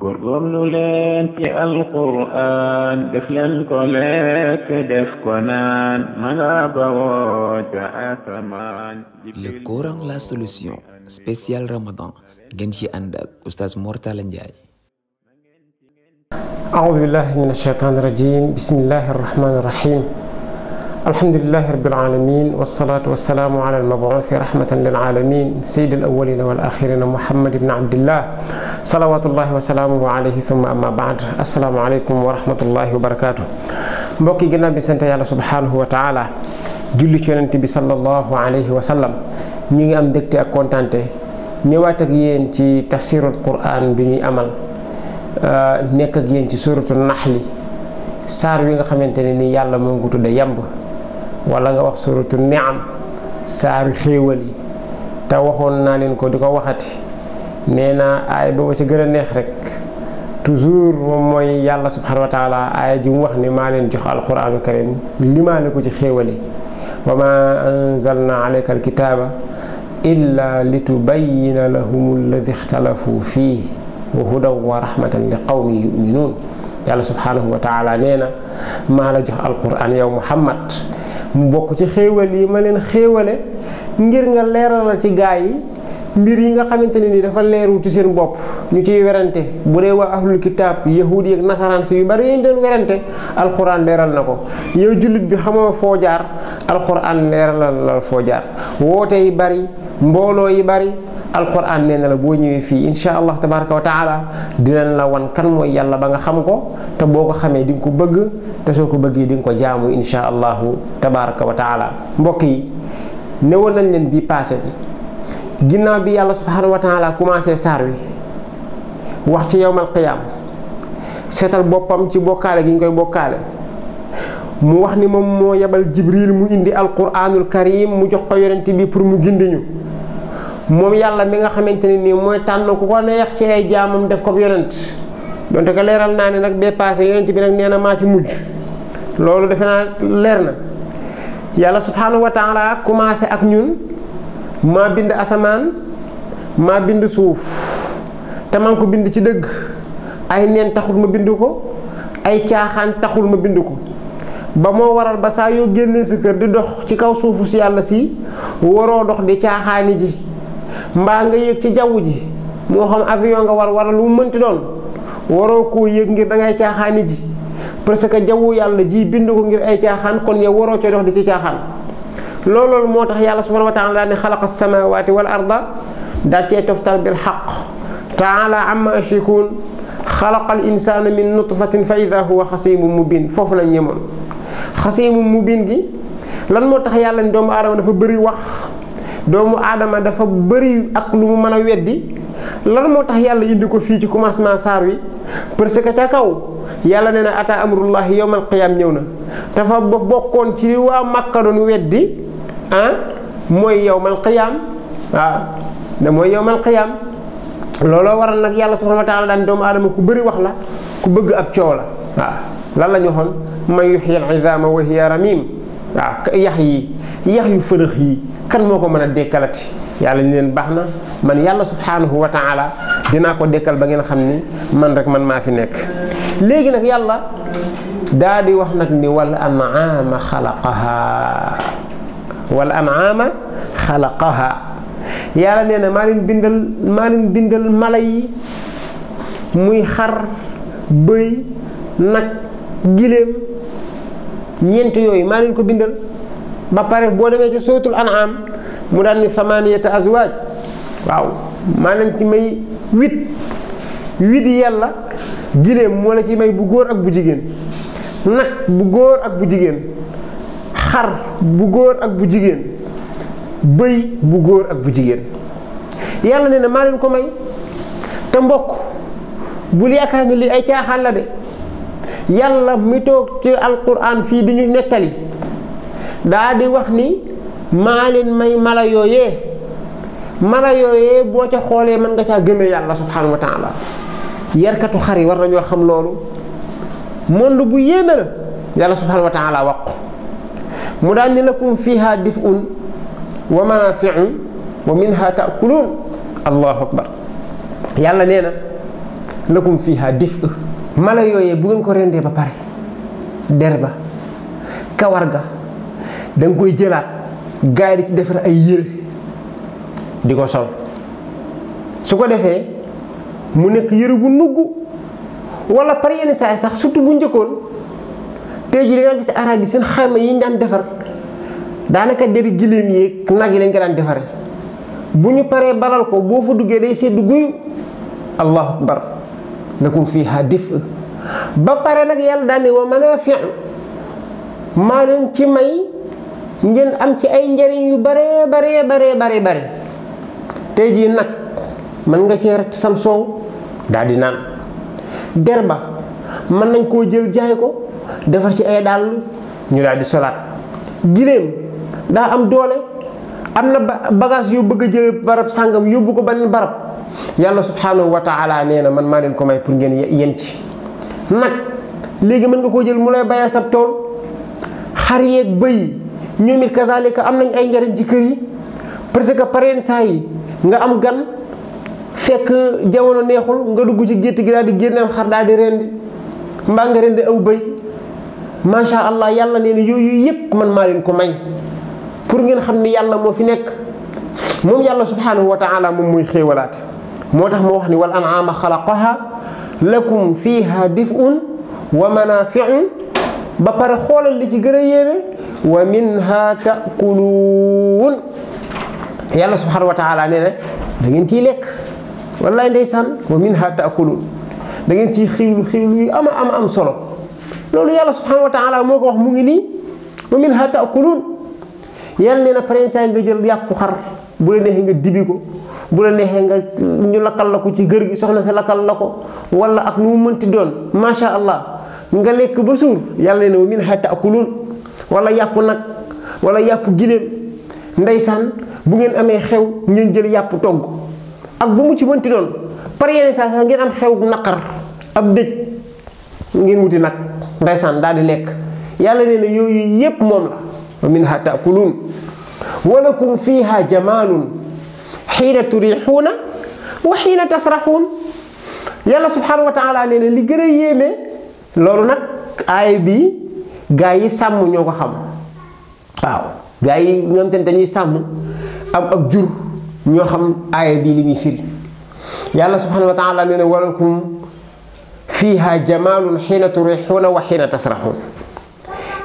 قرن في القرآن دفل القلاك دف قنان مغابا ثمان لكورن لا سلوسيون سبيسيال رمضان جنشي عندك أستاذ مورتا لنجاي أعوذ بالله من الشيطان الرجيم بسم الله الرحمن الرحيم alhamdulilahi rabbil alamin wasalaatu wasalaamu ala almabuuthi rahmatan lil alamin sayyid al awwalina wal axirina muhammad ibn abdillah salawatullahi wa salaamuhu alayhi thumma amma baad assalaamu aleykum wa rahmatullahi wa barakatuh mbokk yi gannaaw bi sant yàlla subhaanahu wa taala julli ci yonent bi sallallahu alayhi wa sallam ñi ngi am dégte ak kontante ñëwaat ak yéen ci tafsirul quran bi ñuy amal euh, nekk ak yéen ci suratu naxli saar wi nga xamante ne ni yàlla moo ngi tudde yamb wala nga wax suratu niam saaru xéewal yi te waxoon naa leen ko di ko waxati nee na aaya booba ca gën a neex rek toujours moom mooy yàlla subhanahu wa taala aaya ji mu wax ne maa leen jox alquraanu karim limaale ko ci xéewal yi wa ma anzalna alayka alkitaaba illa li tubayina lahum alladi ixtalafu fii wa hudan wa rahmatan li qawmi yuminuun yàlla subhanahu wa taala nee na maa la jox alquran yow muhammad mu bokk ci xéewal yi ma leen xéewale ngir nga leeral leeralal ci gaa yi mbir yi nga xamante ne ni dafa leerul ci seen bopp ñu ciy werante bu dee waa ahlul kitaab yahud yi ak nasaraan si yu bari yéen doon werante alxuraan leeral na ko yow jullit bi xamoo foo jaar alxuraan leeralal la foo jaar woote yi bari mbooloo yi bari alquran neena la bo ñewé fi insha allah wa taala dinañ la wan kan moy yalla ba nga xam ko te boko xamé di ko bëgg te soko di ko jaamu insha allahu wa taala mbokk yi newoon nañ leen bi passé bi ginnaw bi yalla subhanahu wa taala commencé sar wi wax ci yawmal qiyam seetal bopam ci bokkaale gi ngoy mu wax ni mom mo yabal jibril mu indi alquranul karim mu jox ko yonenti bi pour mu gindi mom yalla mi nga xamanteni ni moy tan ko ko neex ci ay jaamum def ko yonent donte ko leeral na ne nak be passé yonent bi nak neena na ci mujj lolu def na leer na yalla subhanahu wa taala commencé ak ñun ma bind asaman ma bind suuf te man ko bind ci deug ay neen taxul ma bind ko ay tiaxan taxul ma bind ko ba mo waral ba sa yo génnee sa kër di dox ci kaw suufu ci yalla si waro dox di tiaxani ji mbaa nga yéeg ci jaww ji moo xam avion nga war wala lu mu mënti doon waroo koo yéeg ngir da ngay caaxaani ji parce que jawwu yàlla ji bind ko ngir ay caaxaan kon yow waroo cee dox di ci caaxaan looloolu moo tax yàlla subhanahu wa taala ne xalaqa samawati wal arda daal cee toftal bil xaq taala amma ashrikuun xalaqal insaana min nutfatin fa ida huwa xasimu mubin foofu lañ yemoon xasimu mubin dafa bëri wax doomu aadama dafa bari ak lu mu mën a weddi lan moo tax yàlla indi ko fii ci commencement saar wi parce que ca kaw yàlla nee na ata amrullahi yowmal qiyaam ñëw na dafa bokkoon ci waa Makka doon weddi ah mooy yowmal qiyaam waaw mooy yowmal qiyaam looloo waral nag yàlla subhaanahu wa taala daan doomu aadama ku bari wax la ku bëgg ab coow la waaw lan lañu ñu waxoon man yuxyi al izaama wa hiya ramiim yax yi yax yu fënëx yi kan moo ko mën a dekkalati yàlla ni leen baax na man yàlla subhaanahu wa taala dinaa ko dekkal ba ngeen xam ni man rek man maa fi nekk léegi nag yàlla daa di wax nag ni wal an'aama xalaqaha wal yàlla nee na maa leen bindal maa leen bindal mala yi muy xar bëy nag giléem ñeent yooyu maa leen ko bindal ba pare boo demee ci suratul an'am mu daan ni samaniyata azwaaj waaw maanaam ci may huit huit yàlla giléem moo ci may bu góor ak bu jigéen nag bu góor ak bu jigéen xar bu góor ak bu jigéen bëy bu góor ak bu jigéen yàlla ne na maa leen ko may te mbokk bul yaakaar ni li ay caaxaan la de yàlla mi ci alquran fii di ñu nettali daa di wax ni maa leen may mala yooyee mala yooyee boo ca xoolee mën nga caa gëmee yàlla subhanahu wa taala yarkatu xar yi war nañoo xam loolu monde bu yéeme la yàlla subhanahu wa taala wax mu daal ni lakum fiha dif'un wa manafi'un wa minha ta'kulun allahu akbar yàlla nee na dif mala yooyee bu ngeen ko rendee ba pare der ba kawar ga dang koy jëlat gaay di ci defar ay yir di sol su ko defee mu nek yére bu nugg wala par yenn saay sax surtout bu njëkkoon tay ji da nga gis arab yi seen xayma yi ñaan daan defar daanaka deri giléem yeeg yi lañu ko daan bu ñu paré balal ko bo fu duggé day allahu akbar nakum fi hadif ba paré nak yalla daan wa manafi' ma ci may ngeen am ci ay njariñ yu bare bare bare bare bare teji nak man gak nga ci rat sam soow daal di man der ba nañ ko jël jaay ko defar ci ay dal ñu daal di solaat da am doole am na bagage yu bëgg jël barab sàngam yóbbu ko banen barab yalla subhanahu wa taala neena na man ma len ko may pour ngeen yeen ci nak legi man nga ko jël mu lay bayal sa tol xariyek beuy ñoom it kazalika am nañ ay njariñ ci kër yi parce que pareen saa yi nga am gan fekk jamono neexul nga dugg ci gétt gi daal di génne xar daal di rendi mbaa nga rendi aw bëy macha allah yàlla nee na yooyu yëpp man maa leen ko may pour ngeen xam ni yàlla moo fi nekk moom yàlla subhanahu wa taala moom muy xéewalaat moo tax moo wax ni wal an'aama xalaqaha lakum fiha dif'un wa manafi'un ba pare xoolal li ci gën a yéeme wa minha taakuluun yàlla subhanahu wa taala nee na da ngeen ciy lekk wallaay ndeysaan wa minha taakuluun da ngeen ciy xiilu xiilu yu am a am am solo loolu yàlla subhanahu wa taala moo ko wax mu ngi nii wa minha taakuluun yàlla nee na prinçay nga jël yàppu xar bu la neexee nga dibi ko bu la neexee nga ñu lakkal la ko ci gër gi soxna si lakkal la ko wala ak nu mu mënti doon macha allah nga lekk ba suur yàlla nee na wa minha taakuluun wala yàpp nag wala yàpp giléem ndeysaan bu ngeen amee xew ngeen jël yàpp togg ak bu mu ci mënti doon pare yenn saa sax ngeen am xew naqar ab dëj ngeen wuti nag ndeysaan daal di lekk yàlla nee na yooyu yépp moom la wa minha taakuluun wa lakum fiiha jamaalun xiina turiixuuna wa xiina tasraxuun yàlla subhaanahu wa nee na li gën a yéeme loolu nag aay bii gaa yi sàmm ñoo ko xam waaw gaa yi nga xam te dañuy sàmm am ak jur ñoo xam aaya bii li muy firi yàlla subhanahu wa taala nee na walakum fiiha jamaalun xiina turixuuna wa xiina tasraxuun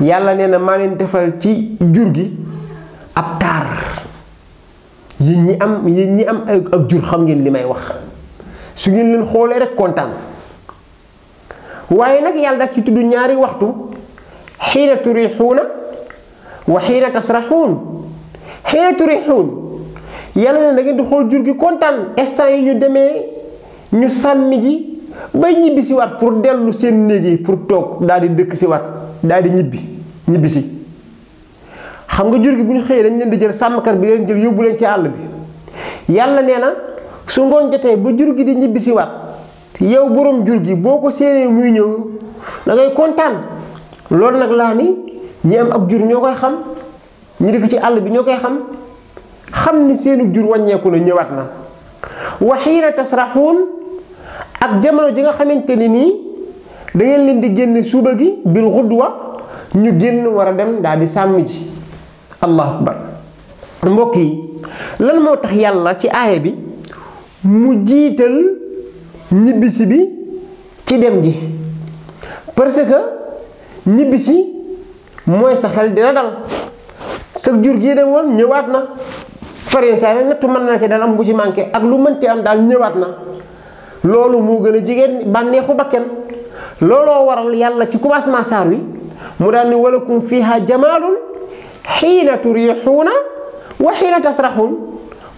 yàlla nee na maa leen defal ci jur gi ab taar yéen ñi am yéen ñi am ak jur xam ngeen li may wax su ngeen leen xoolee rek kontaan waaye nag yàlla daf ci tudd ñaari waxtu xiina turixuuna wa xiina tasraxuun xiina turixuun yàlla na da di xool jur gi kontaan estan yi ñu demee ñu sàmmi ji bay ñibbi si waat pour dellu seen néeg yi pour toog daal di dëkk si waat daal di ñibbi ñibbi si xam nga jur gi bu ñu xëyee dañ leen di jël sàmmkat bi leen jël yóbbu leen ci àll bi yàlla nee na su ngoon jotee ba jur gi di ñibbi si waat yow boroom jur gi boo ko séenee muy ñëw dangay kontaan lool nak la ni ñi am ak jur ñoo xam ñi dëkk ci all bi ñoo xam xam ni seenu jur wàññeeku na ñewat na waxiina tasrahun ak jamono ji nga xamanteni ni da ngeen leen di genn suba gi bil ghudwa ñu genn wara dem da di sammi ci allah akbar mbokk yi lan mo tax yalla ci aya bi mu jital ñibisi bi ci dem ji parce que ñibbisi mooy sa xel dina dal sa jur gii dem woon ñëwaat na pareen saa yi nettu mën na ci dal am bu ci manqué ak lu mënti am daal ñëwaat na loolu moo gën a jigéen bànneexu bakken looloo waral yàlla ci commencement saar wi mu daal ni walakum fiha jamaalun xiina turixuuna wa xiina tasraxuun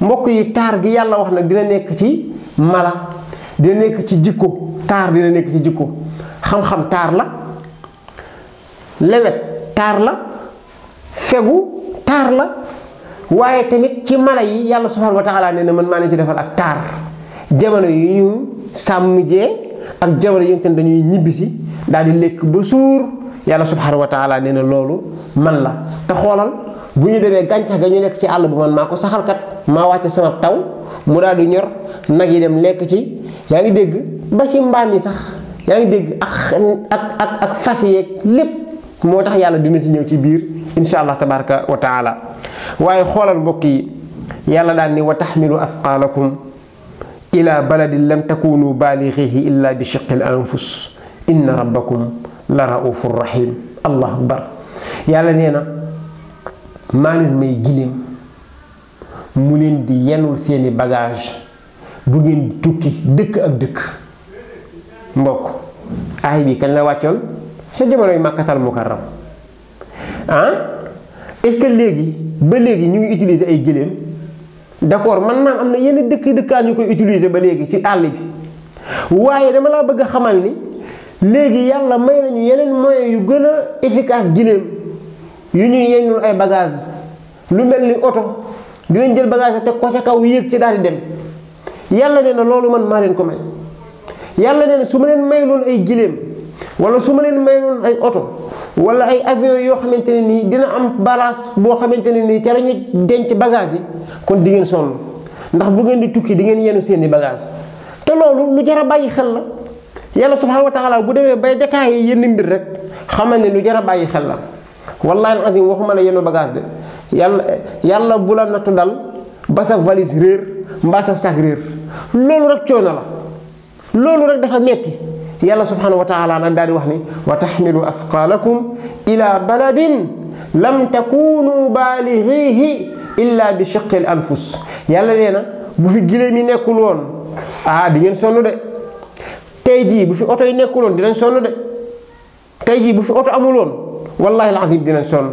mbokk yi taar gi yàlla wax nag dina nekk ci mala dina nekk ci jikko taar dina nekk ci jikko xam-xam taar la lewet taar la fegu taar la waaye tamit ci mala yi yàlla subhaanahu wa taala na man maa ne ci defal ak taar jamono yu ñu sàmmjee ak jamono yi nga xam dañuy ñibbisi daal di lekk ba suur yàlla subhaanahu wa taala na loolu man la te xoolal bu ñu demee gàncax ga ñu nekk ci àll bu man maa ko saxal kat maa wàcce sama taw mu daal di ñor nag yi dem lekk ci yaa ngi dégg ba ci mbaam yi sax yaa ngi dégg ak ak ak fas yeeg lépp. moo tax yàlla dina ci ñëw ci biir incha allah tabaraka waaye xoolal mbokk yi yàlla daan ni wa taxmilu asqaalakum ila baladin lam takunu baalixihi illa bi shiqil anfus inna rabbakum la raufur rahim allah akbar yàlla nee na maa leen may giléem mu leen di yenul seeni bagage bu ngeen di tukki dëkk ak dëkk mbokk aay bi kañ la wàccoon sa jamonoy màkkatal mukarram ah est-ce que léegi ba léegi ñu ngi utiliser ay gëléem d'accord man naam am na yenn dëkk dëkkaan ñu koy utiliser ba léegi ci àll bi waaye dama laa bëgg xamal ni léegi yàlla may nañu yeneen moyens yu gën a efficace gëléem yu ñuy yennul ay bagage lu mel ni oto dinañ jël bagage teg ko ca kaw yéeg ci daal di dem yàlla nee na loolu man maa leen ko may yàlla nee na su ma leen may loolu ay gëléem wala su ma leen mayoon ay oto wala ay avion yoo xamante ne nii dina am balaas boo xamante ne nii ca la denc bagage yi kon di ngeen sonn ndax bu ngeen di tukki di ngeen yenu seeni bagage te loolu lu jar a bàyyi xel la yàlla subhaanahu wa taala bu demee bay détaillé yenn mbir rek xamal ne lu jar a bàyyi xel la wallaahi azim waxuma la yenu bagage de yàlla yàlla bu la nattu dal ba sa valise réer mbaa sa sac réer loolu rek coono la loolu rek dafa metti yàlla subhanahu wa taala nag daal di wax ni wa taxmilu asqaalakum ila baladin lam takunu baalixiihi ila bi shiqil anfus yàlla nee na bu fi giléem yi nekkul woon ah di ngeen sonn de tey jii bu fi oto yi nekkul woon dinañ sonn de tey jii bu fi oto amul woon wallahi alazim dinañ sonn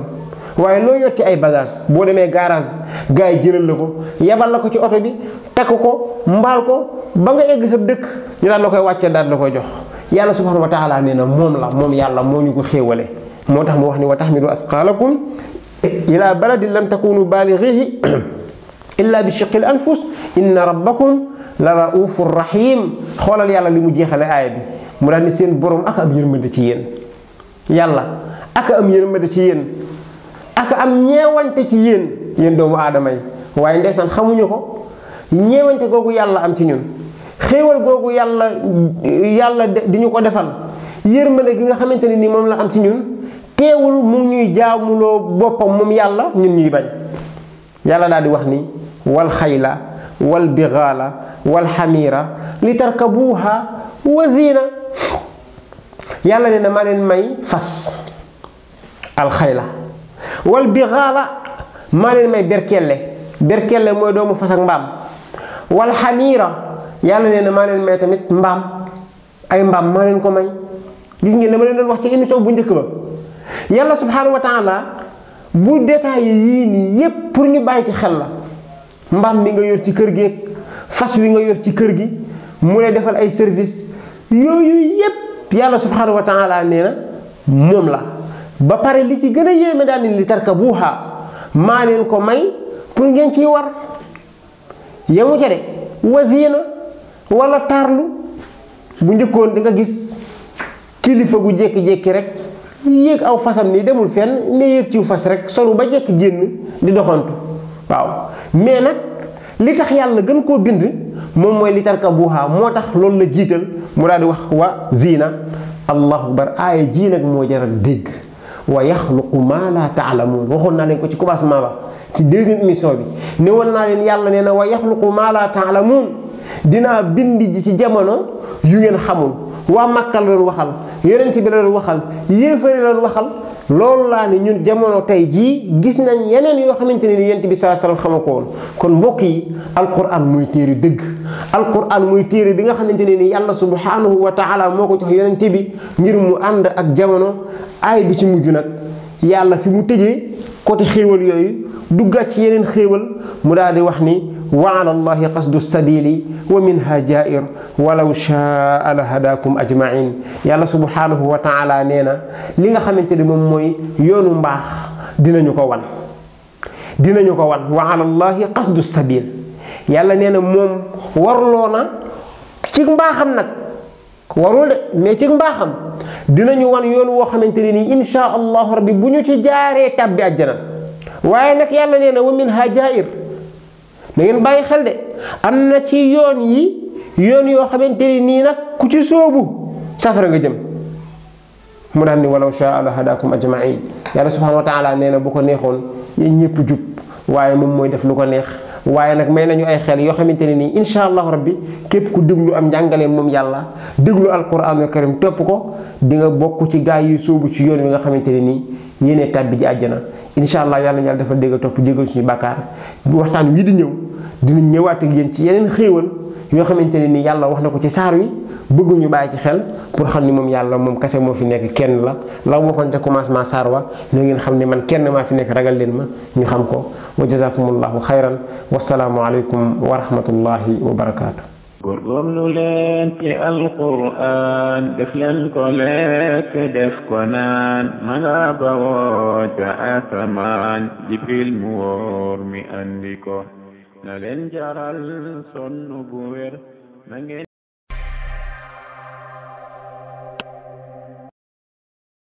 waaye loo yor ci ay bagage boo demee garage gars yi jëlal la ko yabal la ko ci oto bi takk ko mbaal ko ba nga egg sab dëkk ñu daan la koy wàccee daal la koy jox yàlla subhanahu wa taala nee na moom la moom yàlla moo ñu ko xéewale moo tax mu wax ni wa taxmilu asqaalakum ila baladin lam takunu balighihi illa bi shiqil anfus inna rabbakum la raufur rahim xoolal yàlla li mu jeexale aaya bi mu daal ni seen borom ak am yërmande ci yéen yàlla ak am yërmande ci yéen ak am ñeewante ci yéen yéen doomu aadama yi waaye ndeysaan xamuñu ko ñeewante googu yàlla am ci ñun xéewal googu yàlla yàlla di ñu ko defal yërmande gi nga xamante ne ni moom la am ci ñun teewul mu ñuy jaamuloo boppam moom yàlla ñun ñuy bañ yàlla daal di wax ni walxayla xayla wal bigaala wal xamiira li tarkabuuha wa ziina yàlla nee na maa leen may fas alxayla wal bigaala maa leen may berkelle berkelle mooy doomu fas ak mbaam wal yàlla nee na maa leen may tamit mbaam ay mbaam maa leen ko may gis ngeen ma leen doon wax ci émission bu njëkk ba yàlla subhaanahu wa taala bu détaillé yii nii yépp pour ñu bàyyi ci xel la mbaam mi nga yor ci kër gi fas wi nga yor ci kër gi mu lay defal ay service yooyu yépp yàlla subhaanahu wa taala nee na moom la ba pare li ci gën a yéeme daal ni li tarka buuxaa maa leen ko may pour ngeen ciy war yemu ca de wasiina wala taarlu bu njëkkoon da nga gis kilifa gu jékki-jékki rek yéeg aw fasam nii demul fenn ne yéeg fas rek solu ba jekk génn di doxantu waaw mais nag li tax yàlla gën koo bind moom mooy li tarka buuxaa moo tax loolu la jiital mu daal di wax wa ziina allahu akbar aaya jii nag moo jar a dégg wa yaxluqu maa laa taalamuun waxoon naa leen ko ci commencement ba ci deuxième émission bi ne naa leen yàlla nee na wa yaxluqu maa laa taalamuun dinaa bind ji ci jamono yu ngeen xamul waa Màkka la doon waxal yonent bi la doon waxal yéefari la doon waxal loolu laa ne ñun jamono tey jii gis nañ yeneen yoo xamante ne ni yonent bi saa salaam xama ko kon mbokk yi alquran muy téere dëgg alquran muy téere bi nga xamante ne ni yàlla subhaanahu wa taala moo ko jox yonent bi ngir mu ànd ak jamono aay bi ci mujj nag yàlla fi mu tëjee côté xéewal yooyu duggaat ci yeneen xéewal mu daal di wax ni wa ala allahi qasdu sadili wa minha jair walaw shaa la hadakum ajmain yàlla subhanahu wa taala nee na li nga xamante ne moom mooy yoonu mbaax dinañu ko wan dinañu ko wan wa ala allahi qasdu sabil yàlla nee na moom warloo na ci mbaaxam nag warul de mais ci mbaaxam dinañu wan yoonu woo xamante ne nii insha allahu rabbi bu ñu ci jaaree tàbbi àjjana waaye nag yàlla nee na wa minha jair da bàyyi xel de am na ci yoon yi yoon yoo xamante ni nii nag ku ci sóobu safara nga jëm mu daan ni walaw shaa Allah hadakum ajmain yàlla subhanahu wa taala nee na bu ko neexoon ñëpp jub waaye moom mooy def lu ko neex waaye nag may nañu ay xel yoo xamante ne nii incha allahu rabbi képp ku déglu am njàngaleem moom yàlla déglu alquranul karim topp ko di nga bokk ci gaa yi sóobu ci yoon wi nga xamante ne nii yéene tàbbi ji àjjana incha allah yàlla na yàlla dafa dégg topp jégal suñu bàkkaar waxtaan wi di ñëw. dinañ ñëwaat ak ci yeneen xéewal yoo xamante ne ni yàlla wax na ko ci saar wi bëgguñu bàyyi ci xel pour xam ni moom yàlla moom kese moo fi nekk kenn la la waxoon te commencement saar wa na ngeen xam ne man kenn maa fi nekk ragal leen ma ñu xam ko wa jazakumullahu xayran wasalaamu aleykum wa rahmatullahi wa barakaatu góorgóorlu leen ci alquran def leen ko lekk def ko naan ma nga bawoo ca mu wóor mi andi na leen jaral sonn bu wér na ngeen